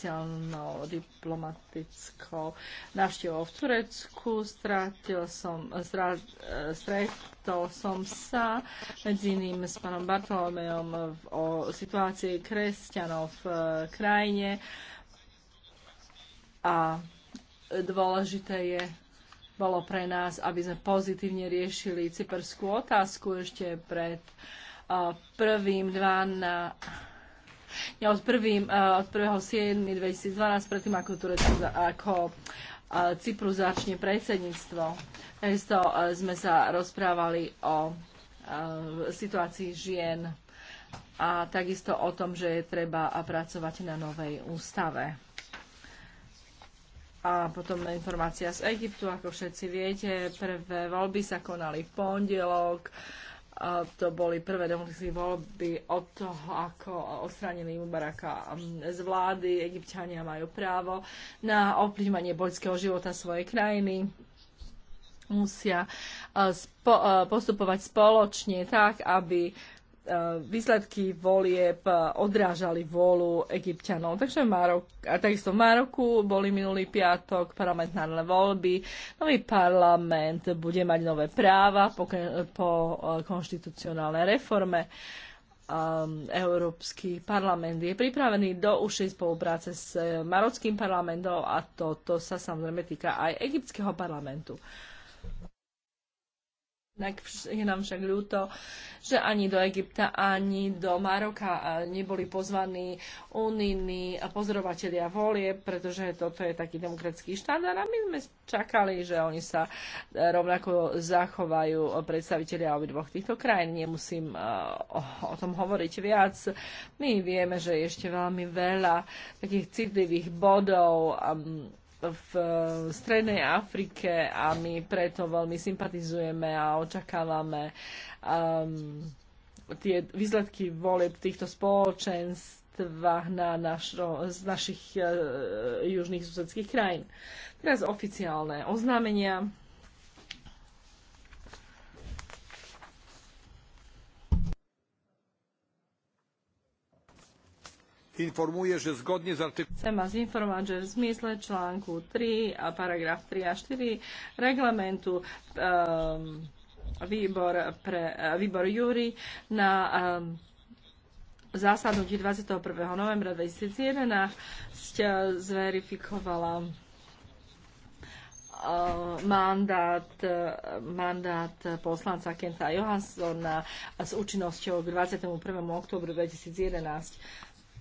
oficiálnou diplomatickou návštevou v Turecku. Strátil som, eh, stretol som sa medzi iným s pánom Bartolomeom o situácii kresťanov v eh, krajine a dôležité je bolo pre nás, aby sme pozitívne riešili cyperskú otázku ešte pred eh, prvým 12 od, prvým, eh, od 1.7.2012, predtým ako, Turecko, ako eh, Cyprus začne predsedníctvo. Takisto eh, sme sa rozprávali o situácii žien a takisto o tom, že je treba pracovať na novej ústave. A potom informácia z Egyptu, ako všetci viete, prvé voľby sa konali v pondelok. Uh, to boli prvé demokratické voľby od toho, ako ostranili Mubaraka z vlády. Egyptiania majú právo na ovplyvňovanie poľského života svojej krajiny musia eh, spo, eh, postupovať spoločne tak, aby E, výsledky volieb odrážali vôľu egyptianov. Takže Marok, a takisto v Maroku boli minulý piatok parlamentárne voľby. Nový parlament bude mať nové práva po, po e, konštitucionálnej reforme. Ehm, Európsky parlament je pripravený do užšej spolupráce s marockým parlamentom a toto to sa samozrejme týka aj egyptského parlamentu. Je nám však ľúto, že ani do Egypta, ani do Maroka neboli pozvaní unijní pozorovatelia volie, pretože toto je taký demokratický štandard a my sme čakali, že oni sa e, rovnako zachovajú predstavitelia obidvoch týchto krajín. Nemusím e, o tom hovoriť viac. My vieme, že je ešte veľmi veľa takých citlivých bodov Eh, v Strednej Afrike a my preto veľmi sympatizujeme a očakávame um, tie výsledky volieb týchto spoločenstvách na našo, z našich uh, južných susedských krajín. Teraz oficiálne oznámenia. informuje, že zgodne s artikulom... Chcem vás informovať, že v zmysle článku 3 a paragraf 3 a 4 reglamentu um, výbor, pre, eh, výbor Júri na um, zásadnutí 21. novembra 2011 eh, zverifikovala eh, mandát, mandát poslanca Kenta Johanssona s účinnosťou k 21. oktobru 2011.